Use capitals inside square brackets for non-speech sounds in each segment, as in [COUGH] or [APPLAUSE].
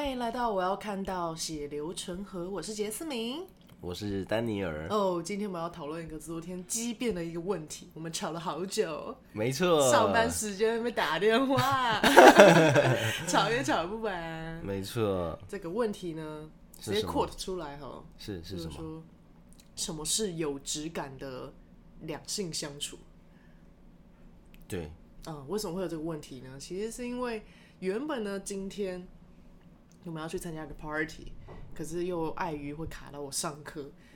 歡迎來到我要看到血流成河。我是傑斯明，我是丹尼爾。哦、oh，今天我們要討論一個昨天激辯的一個問題，我們吵了好久。沒錯，上班時間被打電話， [LAUGHS] [LAUGHS] 吵也吵不完。沒錯，這個問題呢，直接 quote 出來哈，是是什麼，是是什麼，就是，什麼是有質感的兩性相處？對，啊、呃，為什麼會有這個問題呢？其實是因為原本呢，今天，我們要去參加一個 party，可是又礙於，會卡到我上課，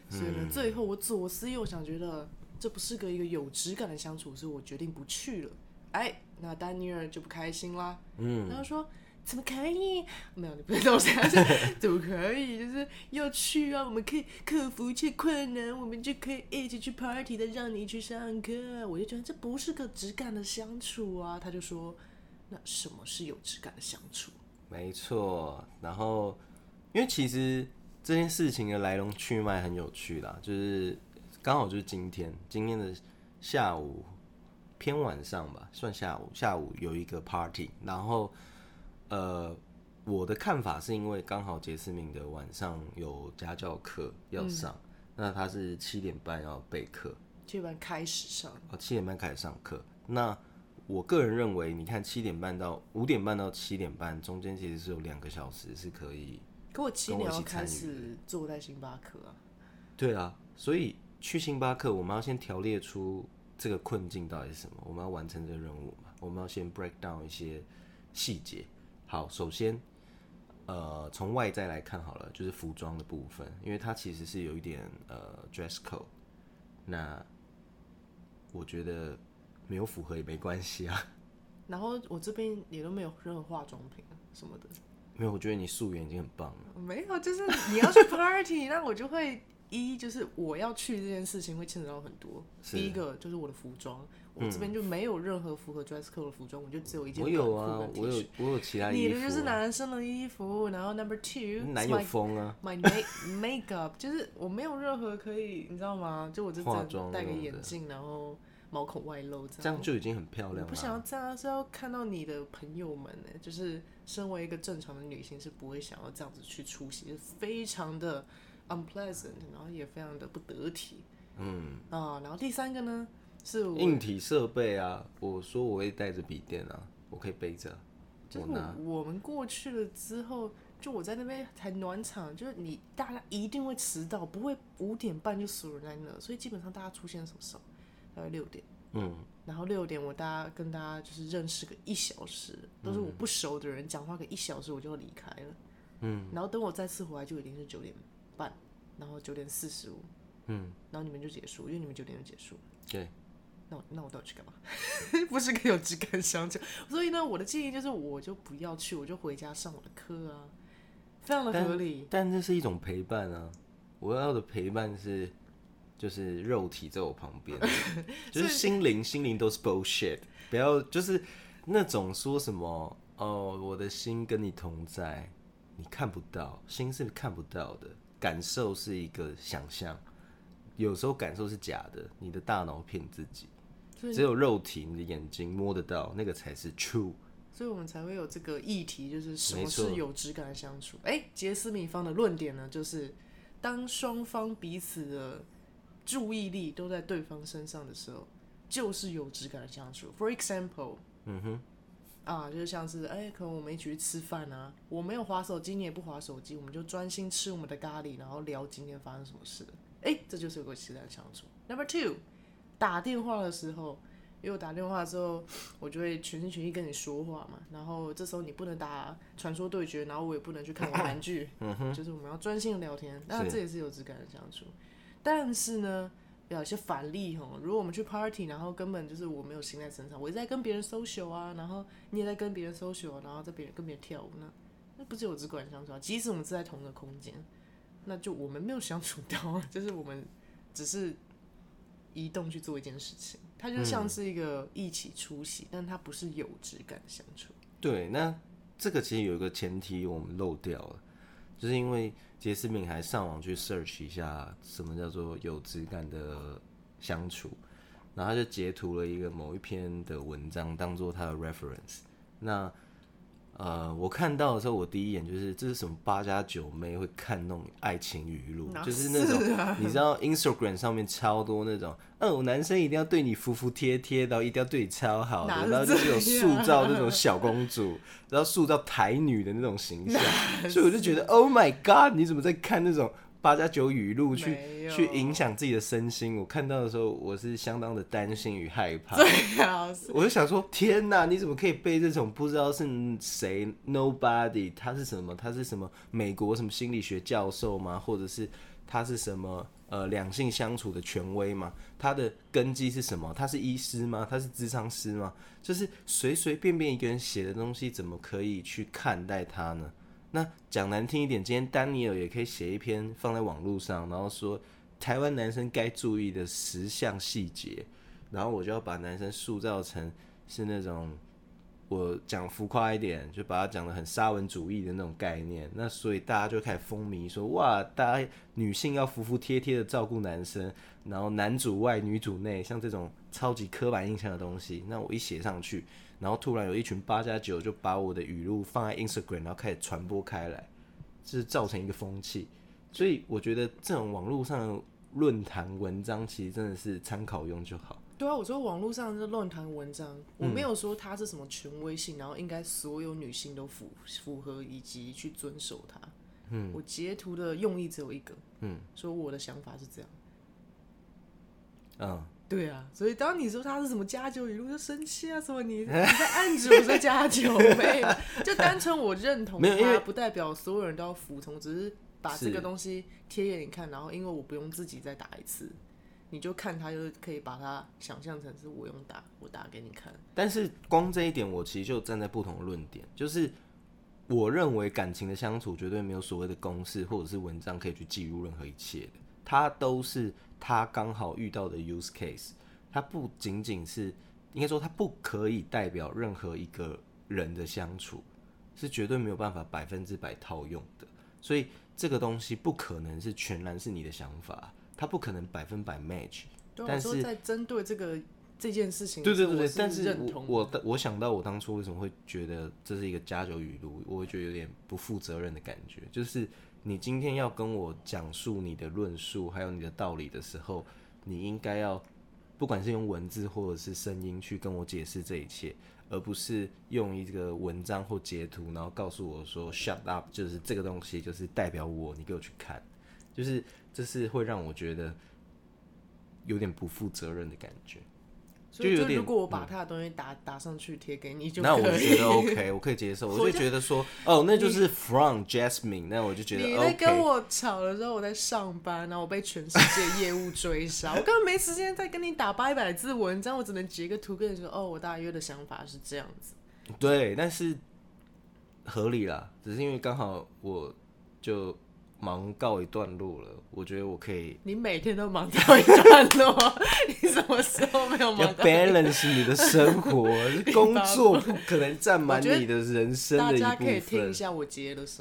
所以呢，最後我左思右想，覺得這不是個一個有質感的相處，所以我決定不去了。哎，那丹尼爾就不開心啦。嗯，然後說怎麼可以？沒有，你不能這樣子。怎麼可以？就是要去啊！我們可以克服一切困難，我們就可以一起去 party 的，讓你去上課。我就覺得這不是個質感的相處啊。他就說，那什麼是有質感的相處？沒錯，然後因為其實這件事情的來龍去脈很有趣啦，就是剛好就是今天今天的下午偏晚上吧，算下午下午有一個 party，然後呃我的看法是因為剛好杰思明的晚上有家教課要上、嗯，那他是七點半要備課、哦，七點半開始上，哦七點半開始上課，那。我個人認為，你看七點半到五點半到七點半中間，其實是有兩個小時是可以。可我七點開始坐在星巴克啊。對啊，所以去星巴克，我們要先條列出這個困境到底是什麼。我們要完成這個任務嘛？我們要先 break down 一些細節。好，首先，呃，從外在來看好了，就是服裝的部分，因為它其實是有一點呃 dress code。那我覺得。沒有符合也沒關係啊，然後我這邊也都沒有任何化妝品什麼的。沒有，我覺得你素顏已經很棒了。沒有，就是你要去 party， [LAUGHS] 那我就會一就是我要去這件事情會牽扯到很多。第一個就是我的服裝、嗯，我這邊就沒有任何符合 dress code 的服裝，我就只有一件。我有啊，我有我有其他衣服啊。你的就是男生的衣服，然後 number two 男友風啊。My, my make, makeup [LAUGHS] 就是我沒有任何可以，你知道嗎？就我就這戴個眼鏡，然後。毛孔外露這樣就已經很漂亮了。我不想要這樣，是要看到你的朋友們呢、欸。就是身為一個正常的女性，是不會想要這樣子去出席，就是、非常的 unpleasant，然後也非常的不得體。嗯啊，然後第三個呢是我硬體設備啊，我說我會帶着筆電啊，我可以背着。真、就、的、是、我，我，我們過去了之後，就我在那邊才暖場，就是你大家一定會遲到，不會五點半就死人在那，所以基本上大家出現什麼時候？大概六點，嗯，嗯，然後六點我大家跟大家就是認識個一小時，都是我不熟的人，講、嗯、話個一小時我就離開了，嗯，然後等我再次回來就已經是九點半，然後九點四十五，嗯，然後你們就結束，因為你們九點就結束了，對、欸，那我那我到底去幹嘛？ [LAUGHS] 不是更有質感相處？所以呢，我的建議就是我就不要去，我就回家上我的課啊，非常的合理，但，但這是一種陪伴啊，我要的陪伴是。就是肉體在我旁邊， [LAUGHS] 就是心靈， [LAUGHS] 心靈都是 bullshit。不要就是那種說什麼哦，我的心跟你同在，你看不到，心是看不到的，感受是一個想象，有時候感受是假的，你的大腦騙自己。只有肉體，你的眼睛摸得到，那個才是 true。所以我們才會有這個議題，就是什麼是有質感的相處。誒，杰斯米方的論點呢，就是當雙方彼此的。注意力都在對方身上的時候，就是有質感的相處。For example，嗯哼，啊，就是像是，哎、欸，可能我們一起去吃飯啊，我沒有滑手機，你也不滑手機，我們就專心吃我們的咖喱，然後聊今天發生什麼事。哎、欸，這就是有質感的相處。Number two，打電話的時候，因為我打電話之後，我就會全心全意跟你說話嘛，然後這時候你不能打傳說對決，然後我也不能去看我韓劇，就是我們要專心的聊天，那這也是有質感的相處。但是呢，有一些反例哈，如果我們去 party，然後根本就是我沒有心在身上，我一直在跟別人 social 啊，然後你也在跟別人 social，、啊、然後在別人跟別人跳舞，那那不是我只有管相處啊，即使我們是在同一個空間，那就我們沒有相處到，就是我們只是移動去做一件事情，它就像是一個一起出席，嗯、但它不是有質感的相處。對，那這個其實有一個前提我們漏掉了。就是因為傑斯敏還上網去 search 一下什麼叫做有質感的相處，然後他就截圖了一個某一篇的文章當做他的 reference，那。呃，我看到的時候，我第一眼就是這是什麼八加九妹會看那種愛情語錄，啊，就是那種你知道 Instagram 上面超多那種，哦，我男生一定要對你服服帖帖的，然後一定要對你超好的，啊、然後就是有塑造那種小公主， [LAUGHS] 然後塑造台女的那種形象，啊、所以我就覺得 [LAUGHS] Oh my God，你怎麼在看那種？八加九語錄去去影響自己的身心，我看到的時候我是相當的擔心與害怕。我就想說，天哪，你怎麼可以被這種不知道是誰，Nobody，他是什麼？他是什麼？美國什麼心理學教授嗎？或者是他是什麼？呃，兩性相處的權威嗎？他的根基是什麼？他是醫師嗎？他是諮商師嗎？就是隨隨便便一個人寫的東西，怎麼可以去看待他呢？那講難聽一點，今天丹尼爾也可以寫一篇放在網絡上，然後說台灣男生該注意的十項細節，然後我就要把男生塑造成是那種我講浮誇一點，就把他講得很沙文主義的那種概念。那所以大家就開始風靡，說哇，大家女性要服服帖帖的照顧男生，然後男主外女主內，像這種超級刻板印象的東西，那我一寫上去。然後突然有一群八加九就把我的語錄放在 Instagram，然後開始傳播開來，就是造成一個風氣。所以我覺得這種網絡上的論壇文章其實真的是參考用就好。對啊，我說網絡上這論壇文章，我沒有說它是什麼權威性，嗯、然後應該所有女性都符符合以及去遵守它。嗯，我截圖的用意只有一個，嗯，所以我的想法是這樣。嗯。對啊，所以當你說他是什麼加九語錄，我就生氣啊！說你你在暗指我在加九，妹， [LAUGHS] 就單純我認同他，不代表所有人都要服從，只是把這個東西貼給你看，然後因為我不用自己再打一次，你就看他就可以把它想象成是我用打，我打給你看。但是光這一點，我其實就站在不同的論點，就是我認為感情的相處絕對沒有所謂的公式或者是文章可以去記錄任何一切它都是他剛好遇到的 use case，它不僅僅是應該說，它不可以代表任何一個人的相處，是絕對沒有辦法百分之百套用的。所以這個東西不可能是全然是你的想法，它不可能百分百 match，啊。但是，說在針對這個這件事情，對對對對，但是我我我想到我當初為什麼會覺得這是一個加九語錄，我會覺得有點不負責任的感覺，就是。你今天要跟我講述你的論述，還有你的道理的時候，你應該要，不管是用文字或者是聲音去跟我解釋這一切，而不是用一個文章或截圖，然後告訴我說 “shut up”，就是這個東西就是代表我，你給我去看，就是這是會讓我覺得有點不負責任的感覺。所以，有點，如果我把他的東西打、嗯、打上去貼給你就，就那我覺得 OK， [LAUGHS] 我可以接受。我就，我就覺得說，哦，那就是 From Jasmine，那我就覺得、OK。你在跟我吵的時候，我在上班，然後我被全世界業務追殺， [LAUGHS] 我根本沒時間再跟你打八百字文章，我只能截個圖跟你說，哦，我大約的想法是這樣子。對，但是合理啦，只是因為剛好我就。忙告一段落了，我覺得我可以。你每天都忙告一段落， [LAUGHS] [LAUGHS] 你什麼時候沒有忙到一段落？ [LAUGHS] 要 balance 你的生活、 [LAUGHS] 工作，不可能占滿你的人生的。大家可以聽一下我接了什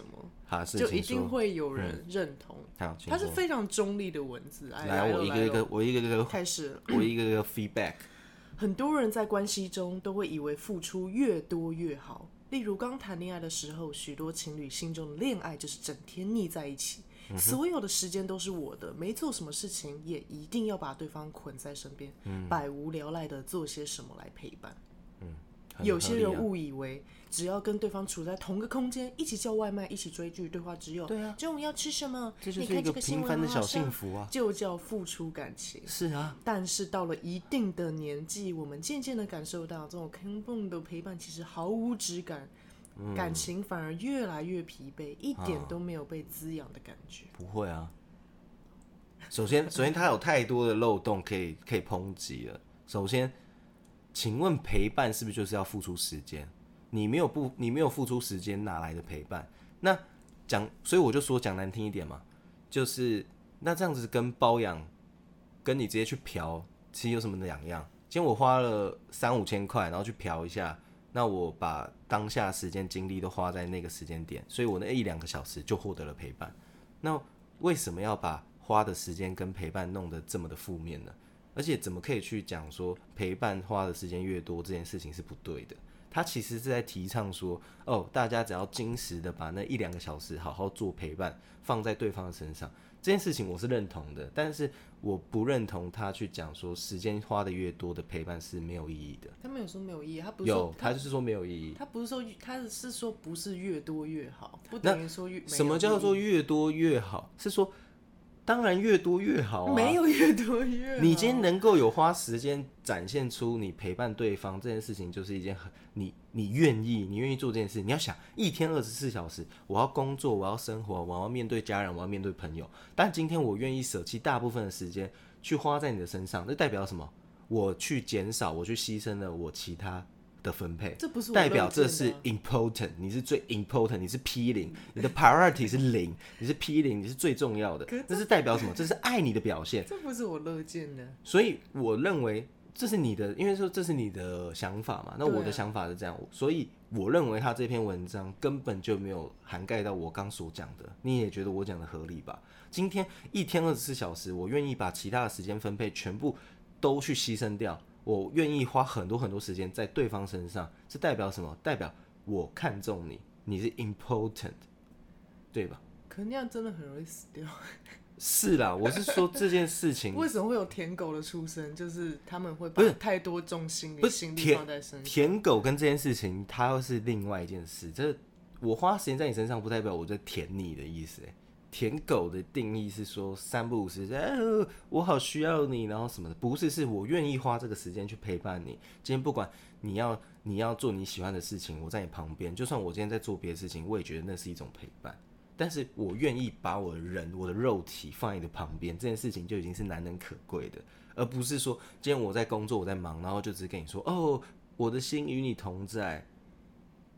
麼，就一定會有人認同。他、嗯、是非常中立的文字。來、嗯，我，我一個一個，我一個一個開始， [COUGHS] 我一個一個 feedback。很多人在關係中都會以為付出越多越好。例如，剛談戀愛的時候，許多情侶心中的戀愛就是整天膩在一起，嗯、所有的時間都是我的，沒做什麼事情，也一定要把對方捆在身邊、嗯，百無聊賴的做些什麼來陪伴。啊、有些人誤以為，只要跟對方處在同個空間，一起叫外賣，一起追劇，對話只有“中午、啊、要吃什麼”，這就是一個平凡的小幸福啊！就叫付出感情。是啊，但是到了一定的年紀，我們漸漸的感受到，這種 c o 的陪伴其實毫無質感、嗯，感情反而越來越疲憊、啊，一點都沒有被滋養的感覺。不會啊，首先， [LAUGHS] 首先它有太多的漏洞可以可以抨擊了。首先。請問陪伴是不是就是要付出時間？你沒有不，你沒有付出時間，哪來的陪伴？那講，所以我就說，講難聽一點嘛，就是那這樣子跟包養，跟你直接去嫖，其實有什麼兩樣？今天我花了三五千塊，然後去嫖一下，那我把當下時間精力都花在那個時間點，所以我那一兩個小時就獲得了陪伴。那為什麼要把花的時間跟陪伴弄得這麼的負面呢？而且怎麼可以去講說陪伴花的時間越多這件事情是不對的？他其實是在提倡說，哦，大家只要精實的把那一兩個小時好好做陪伴，放在對方的身上這件事情，我是認同的。但是我不認同他去講說時間花的越多的陪伴是沒有意義的。他沒有說沒有意義，他不是有他，他就是說沒有意義。他不是說他是說不是越多越好，不等於說越什麼叫做越多越好？是說。當然越多越好啊！沒有越多越。你今天能夠有花時間展現出你陪伴對方這件事情，就是一件很你你願意你願意做這件事。你要想一天二十四小時，我要工作，我要生活，我要面對家人，我要面對朋友。但今天我願意舍棄大部分的時間去花在你的身上，這代表什麼？我去減少，我去犧牲了我其他的分配，這不是代表這是 important，啊、你是最 important，你是 P 零，你的 priority 是零， [LAUGHS] 你是 P 零，你是最重要的，可這。這是代表什麼？這是愛你的表現。這不是我樂見的。所以我認為這是你的，因為說這是你的想法嘛。那我的想法是這樣，啊、所以我認為他這篇文章根本就沒有涵蓋到我剛所講的。你也覺得我講的合理吧？今天一天二十四小時，我願意把其他的時間分配全部都去犧牲掉。我願意花很多很多時間在對方身上，是代表什麼？代表我看中你，你是 important，對吧？可那樣真的很容易死掉。是啦，我是說這件事情。 [LAUGHS] 為什麼會有舔狗的出生？就是他們會把太多重心，放在身上舔，舔狗跟這件事情，它又是另外一件事。這我花時間在你身上，不代表我在舔你的意思、欸。舔狗的定義是說三不五時，呃、哎，我好需要你，然後什麼的，不是，是我願意花這個時間去陪伴你。今天不管你要你要做你喜歡的事情，我在你旁邊，就算我今天在做別的事情，我也覺得那是一種陪伴。但是我願意把我的人，我的肉體放在你的旁邊，這件事情就已經是難能可貴的，而不是說今天我在工作，我在忙，然後就只跟你說，哦，我的心與你同在。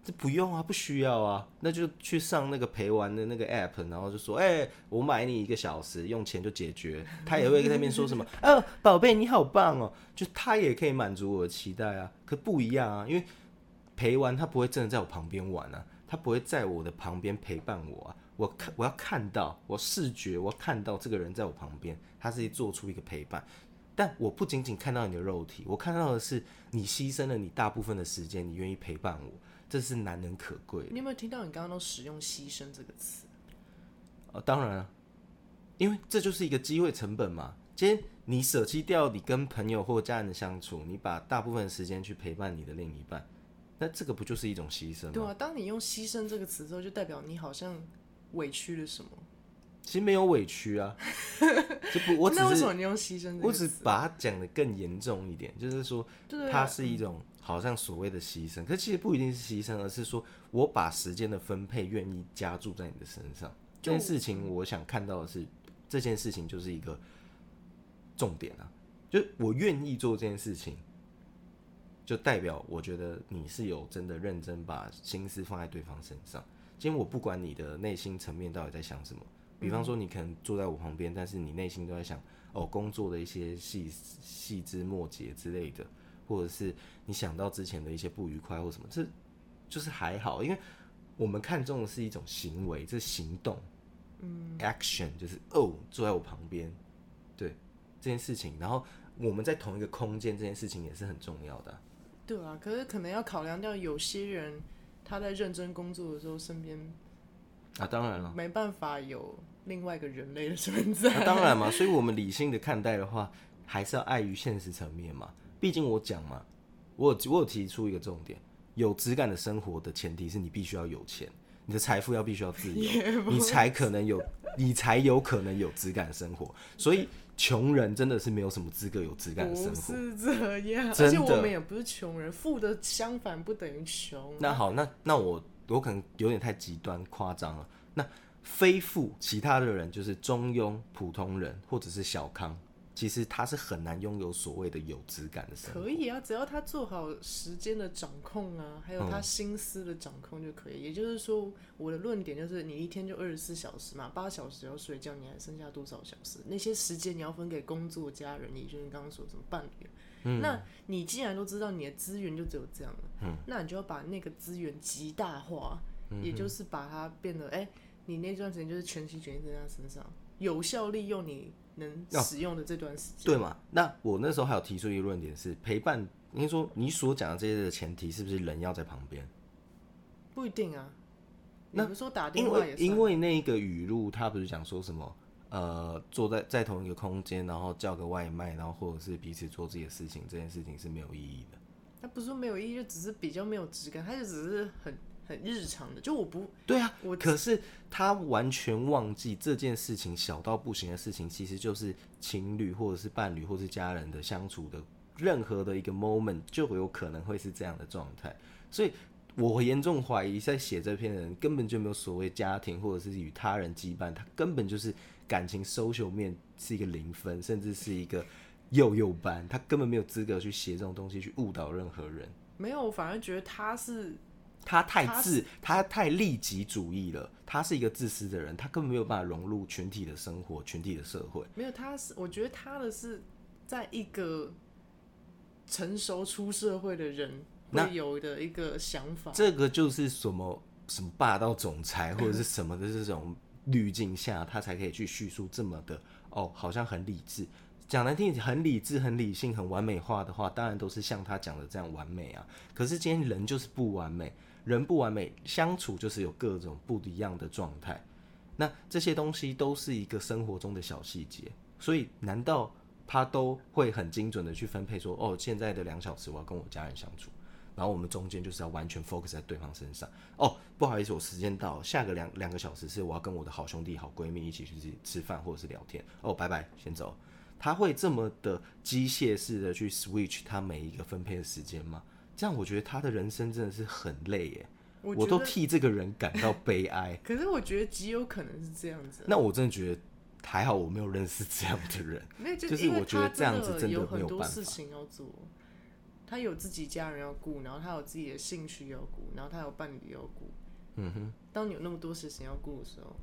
這不用啊，不需要啊，那就去上那個陪玩的那個 app，然後就說：“哎、欸，我買你一個小時，用錢就解決。”他也會在那邊說什麼：“哦、 [LAUGHS] 啊，寶貝，你好棒哦！”就他也可以滿足我的期待啊。可不一樣啊，因為陪玩他不會真的在我旁邊玩啊，他不會在我的旁邊陪伴我啊。我看我要看到我視覺，我看到這個人在我旁邊，他是做出一個陪伴。但我不僅僅看到你的肉體，我看到的是你犧牲了你大部分的時間，你願意陪伴我。這是難能可貴。你有沒有聽到你剛剛都使用“犧牲”這個詞？哦，當然啊，因為這就是一個機會成本嘛。今天你捨棄掉你跟朋友或家人的相處，你把大部分時間去陪伴你的另一半，那這個不就是一種犧牲嗎？對啊，當你用“犧牲”這個詞之後，就代表你好像委屈了什麼。其實沒有委屈啊， [LAUGHS] 就不，我只是，那為什麼你用“犧牲這個詞”？我只把它講得更嚴重一點，就是說、啊、它是一種。好像所謂的犧牲，可其實不一定是犧牲，而是說我把時間的分配願意加注在你的身上。這件事情，我想看到的是、嗯，這件事情就是一個重點啊。就我願意做這件事情，就代表我覺得你是有真的認真把心思放在對方身上。今天我不管你的內心層面到底在想什麼、嗯，比方說你可能坐在我旁邊，但是你內心都在想，哦，工作的一些細細枝末節之類的。或者是你想到之前的一些不愉快或什麼，這就是還好，因為我們看重的是一種行為，這是行動，嗯，action 就是哦，坐在我旁邊，對這件事情，然後我們在同一個空間，這件事情也是很重要的。對啊，可是可能要考量掉有些人他在認真工作的時候，身邊啊，當然了，沒辦法有另外一個人類的存在，啊。當然嘛，所以我們理性的看待的話，還是要礙於現實層面嘛。畢竟我講嘛，我有我有提出一個重點，有質感的生活的前提是你必須要有錢，你的財富要必須要自由，你才可能有， [LAUGHS] 你才有可能有質感的生活。所以窮人真的是沒有什麼資格有質感的生活，是這樣，而且我們也不是窮人，富的相反不等於窮啊。那好，那那我我可能有點太極端誇張了。那非富，其他的人就是中庸普通人，或者是小康。其實他是很難擁有所謂的有質感的生活？可以啊，只要他做好時間的掌控啊，還有他心思的掌控就可以。嗯、也就是說，我的論點就是，你一天就二十四小時嘛，八小時要睡覺，你還剩下多少小時？那些時間你要分給工作、家人，也就是剛剛說什麼伴侶、嗯。那你既然都知道你的資源就只有這樣了，嗯、那你就要把那個資源極大化、嗯，也就是把它變得哎、欸，你那段時間就是全心全意在他身上，有效利用你。能使用的這段時間？哦，對嗎？那我那時候還有提出一個論點是陪伴。您說你所講的這些的前提是不是人要在旁邊？不一定啊。那你說打電話也因為，因為那個語錄，他不是講說什麼？呃，坐在在同一個空間，然後叫個外賣，然後或者是彼此做自己的事情，這件事情是沒有意義的。他不是說沒有意義，就只是比較沒有質感，他就只是很。很日常的，就我不對啊，我可是他完全忘記這件事情，小到不行的事情，其實就是情侶或者是伴侶或是家人的相處的任何的一個 moment，就有可能會是這樣的狀態。所以我嚴重懷疑在寫這篇的人根本就沒有所謂家庭或者是與他人羈絆，他根本就是感情 social 面，是一個零分，甚至是一個幼幼班，他根本沒有資格去寫這種東西去誤導任何人。沒有，我反而覺得他是。他太自他，他太利己主義了。他是一個自私的人，他根本沒有辦法融入群體的生活、群體的社會。沒有，他是我覺得他的是在一個成熟出社會的人會有的一個想法。這個就是什麼什麼霸道總裁或者是什麼的這種濾鏡下， [LAUGHS] 他才可以去敘述這麼的哦，好像很理智，講難聽很理智、很理性、很完美化的話，當然都是像他講的這樣完美啊。可是今天人就是不完美。人不完美，相處就是有各種不一樣的狀態。那這些東西都是一個生活中的小細節，所以難道他都會很精準的去分配說，哦，現在的兩小時我要跟我家人相處，然後我們中間就是要完全 focus 在對方身上。哦，不好意思，我時間到了，下個兩兩個小時是我要跟我的好兄弟、好閨蜜一起去吃飯或者是聊天。哦，拜拜，先走。他會這麼的機械式的去 switch 他每一個分配的時間嗎？但我覺得他的人生真的是很累耶，我，我都替這個人感到悲哀。 [LAUGHS] 可是我覺得極有可能是這樣子啊。那我真的覺得還好，我沒有認識這樣的人 [LAUGHS] 就。就是我覺得這樣子真的沒有辦法，有很多事情要做，他有自己家人要顧，然後他有自己的興趣要顧，然後他有伴侶要顧。嗯哼。當你有那麼多事情要顧的時候，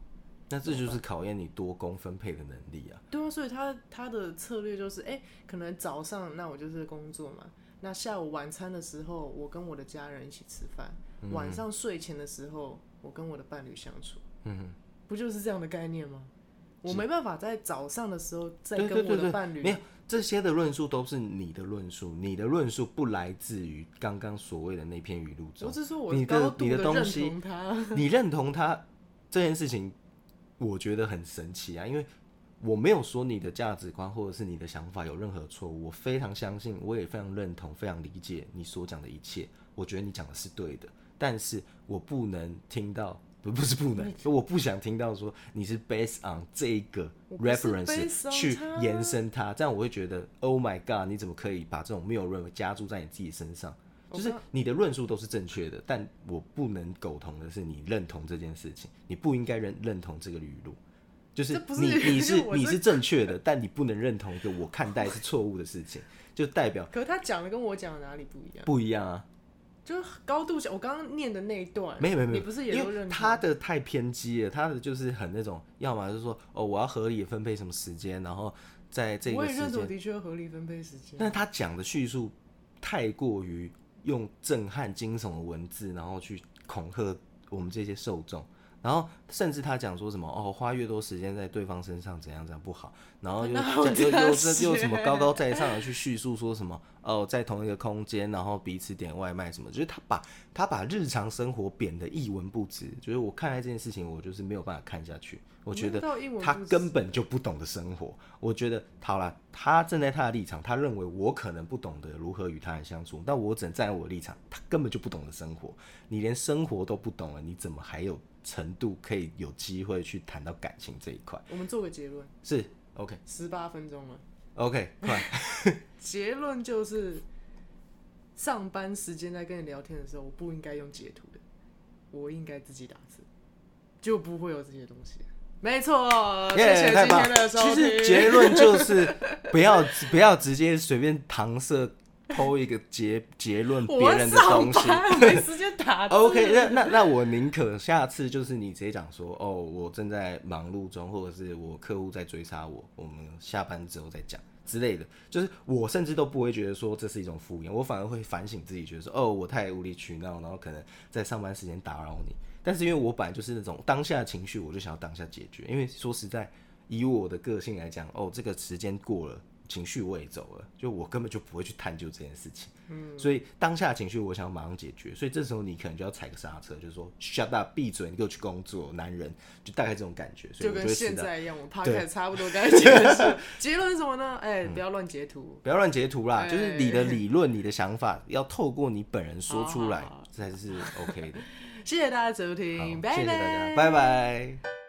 那這就是考驗你多工分配的能力啊。對啊，所以他他的策略就是，哎、欸，可能早上那我就是工作嘛。那下午晚餐的時候，我跟我的家人一起吃飯，嗯；晚上睡前的時候，我跟我的伴侶相處。嗯哼，不就是這樣的概念嗎？我沒辦法在早上的時候再跟我的伴侶對對對對。沒、啊、有這些的論述都是你的論述，你的論述不來自於剛剛所謂的那篇語錄中。你說我讀的，你的，你的東西，認 [LAUGHS] 你認同他這件事情，我覺得很神奇啊，因為。我沒有說你的價值觀或者是你的想法有任何錯誤，我非常相信，我也非常認同，非常理解你所講的一切。我覺得你講的是對的，但是我不能聽到，不，不是不能，我不想聽到說你是 based on 這個 reference 去延伸它，這樣我會覺得 oh my god，你怎麼可以把這種謬論加注在你自己身上？Okay. 就是你的論述都是正確的，但我不能苟同的是，你認同這件事情，你不應該認認同這個語錄。就是你你是你是，你是正確的，但你不能認同就我看待是錯誤的事情，就代表。可是他講的跟我講的哪裡不一樣？不一樣啊，就是高度上，我剛剛念的那一段，沒有沒有，你不是也有認同他的太偏激了，他的就是很那種，要麼就是說哦，我要合理分配什麼時間，然後在這個時間，我的確合理分配時間。但他講的敘述太過於用震撼驚悚的文字，然後去恐嚇我們這些受眾。然後甚至他講說什麼哦，花越多時間在對方身上怎樣怎樣不好，然後又又又又，又，又什麼高高在上的去敘述說什麼哦，在同一個空間，然後彼此點外賣什麼，就是他把他把日常生活貶得一文不值。就是我看來這件事情，我就是沒有辦法看下去。我覺得他根本就不懂得生活。我覺得好了，他站在他的立場，他認為我可能不懂得如何與他相處，但我只能站在我的立場。他根本就不懂得生活，你連生活都不懂了，你怎麼還有？程度可以有機會去談到感情這一塊。我們做個結論。是，OK。十八分鐘了，OK，快。 [LAUGHS] 結論就是，上班時間在跟你聊天的時候，我不應該用截圖的，我應該自己打字，就不會有這些東西。沒錯，謝、yeah, 謝今天的收聽，其實結論就是，不要 [LAUGHS] 不要直接隨便搪塞。偷一個結結論，別人的東西， [LAUGHS] 沒時間打 OK，那那那我寧可下次就是你直接講說，哦，我正在忙碌中，或者是我客戶在追殺我，我們下班之後再講之類的。就是我甚至都不會覺得說這是一種敷衍，我反而會反省自己，覺得說，哦，我太無理取鬧，然後可能在上班時間打擾你。但是因為我本來就是那種當下的情緒，我就想要當下解決。因為說實在，以我的個性來講，哦，這個時間過了。情緒我也走了，就我根本就不會去探究這件事情。嗯，所以當下的情緒，我想馬上解決。所以這時候你可能就要踩個剎車，就是說 shut up 閉嘴，你給我去工作。男人就大概這種感覺。所以就，就跟現在一樣，我怕還差不多感覺是。 [LAUGHS] 結論是什麼呢？哎、欸嗯，不要亂截圖，不要亂截圖啦。就是你的理論、你的想法，要透過你本人說出來，這才是 OK 的。 [LAUGHS] 謝謝大家的收聽，謝謝大家，拜拜。拜拜。